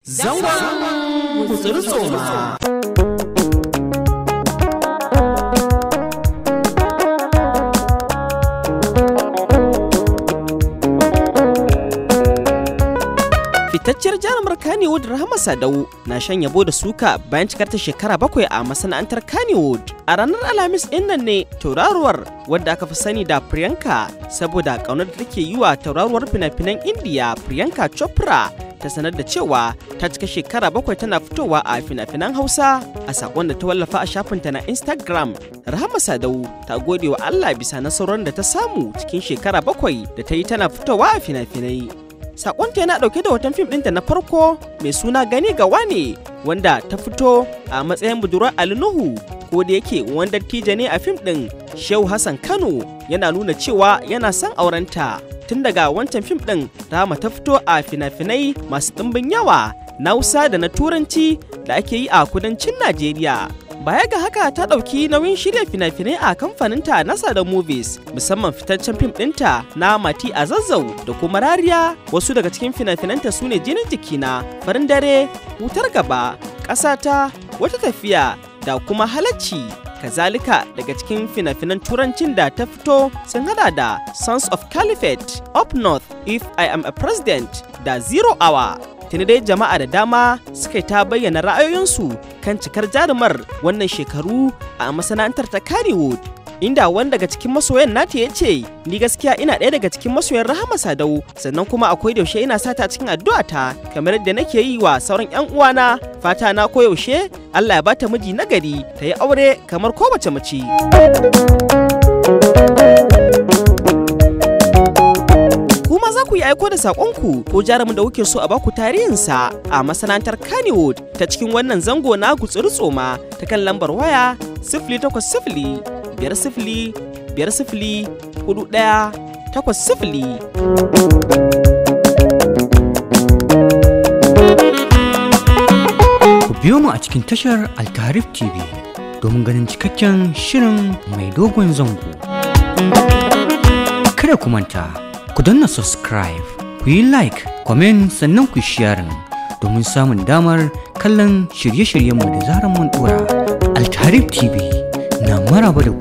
Zangon Fitacciyar jarumar Kannywood Rahama Sadau na shan yabo da suka bayan cikar ta shekara bakwai a masana'antar Kannywood. A ranar Alhamis ɗin ne tauraruwar wadda aka fi sani da Priyanka saboda ƙaunar da take yi wa tauraruwar fina-finan Indiya Priyanka Chopra ta sanar da cewa ta cika shekara bakwai tana fitowa a fina-finan hausa a sakon da ta wallafa a shafinta na instagram rahama sadau ta gode wa allah bisa nasarorin da ta samu cikin shekara bakwai da ta yi tana fitowa a fina-finai sakonta yana dauke da watan fim ɗinta na farko mai suna gani ga wane wanda ta fito a matsayin budurwar alinuhu ko da yake wanda ne a fim ɗin shehu hassan kano yana nuna cewa yana son aurenta tun daga wancan fim ɗin rama ta fito a fina-finai masu ɗimbin yawa na Hausa da na Turanci da ake yi a kudancin Najeriya. Baya ga haka ta ɗauki nauyin shirya fina-finai a kamfaninta na Sada Movies musamman fitaccen fim ɗinta na Mati a Zazzau da kuma Rariya wasu daga cikin fina-finanta su ne jinin jikina, farin dare, hutar gaba, ƙasata, wata tafiya da kuma halacci. Kazalika daga cikin fina-finan turancin da ta fito sun hada da Sons of Caliphate, Up North, If I Am a President da Zero Hour. Tuni dai jama'a da dama suka ta bayyana ra'ayoyinsu kan cikar jarumar wannan shekaru a masana'antar ta kariwood inda wani daga cikin masoyan nata ya ce ni gaskiya ina ɗaya daga cikin masoyan rahama sadau sannan kuma akwai yaushe ina sata cikin addu'a ta kamar yadda nake yi wa sauran yan uwana fata na koyaushe Allah ya bata miji na gari ta yi aure kamar kowace mace. kuma za ku yi aiko da saƙonku ko jarumin da kuke so a baku tarihinsa a masana'antar Kannywood ta cikin wannan zango na gutsuri tsoma ta kan lambar waya sifili takwas sifili biyar sifili biyar sifili hudu ɗaya takwas sifili. Ku biyo mu a cikin tashar Altarif TV domin ganin cikakken shirin mai dogon zango. Kada ku manta, ku danna subscribe, ku yi like, comment sannan ku sharing domin samun damar kallon shirye shiryen mu da zarar mun dora. Altarif TV na maraba da ku.